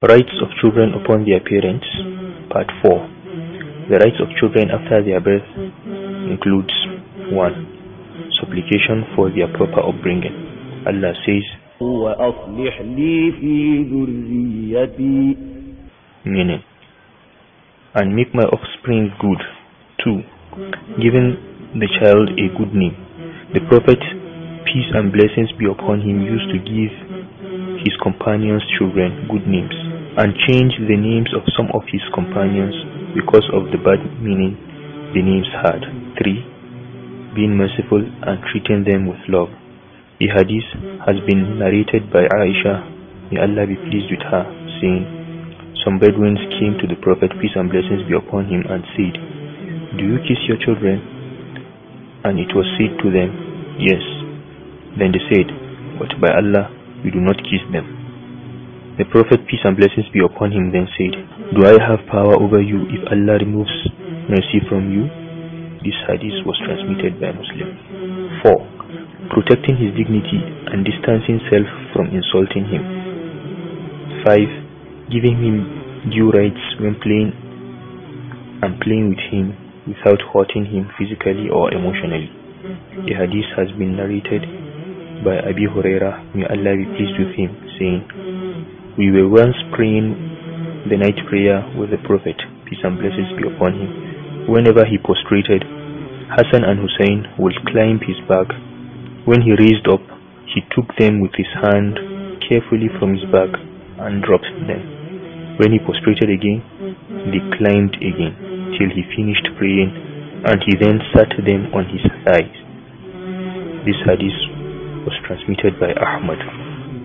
Rights of children upon their parents Part 4 The rights of children after their birth includes 1. Supplication for their proper upbringing. Allah says, Meaning, and make my offspring good. 2. Giving the child a good name. The Prophet, peace and blessings be upon him, used to give his companions' children good names and changed the names of some of his companions because of the bad meaning the names had. 3. Being merciful and treating them with love. The hadith has been narrated by Aisha, may Allah be pleased with her, saying, Some Bedouins came to the Prophet, peace and blessings be upon him, and said, Do you kiss your children? And it was said to them, Yes. Then they said, But by Allah, we do not kiss them. The Prophet, peace and blessings be upon him, then said, Do I have power over you if Allah removes mercy from you? This hadith was transmitted by Muslim. 4. Protecting his dignity and distancing self from insulting him. 5. Giving him due rights when playing and playing with him without hurting him physically or emotionally. The hadith has been narrated by Abi Huraira, may Allah be pleased with him, saying, we were once praying the night prayer with the Prophet, peace and blessings be upon him. Whenever he prostrated, Hassan and Hussein would climb his back. When he raised up, he took them with his hand carefully from his back and dropped them. When he prostrated again, they climbed again till he finished praying and he then sat them on his thighs. This hadith was transmitted by Ahmad.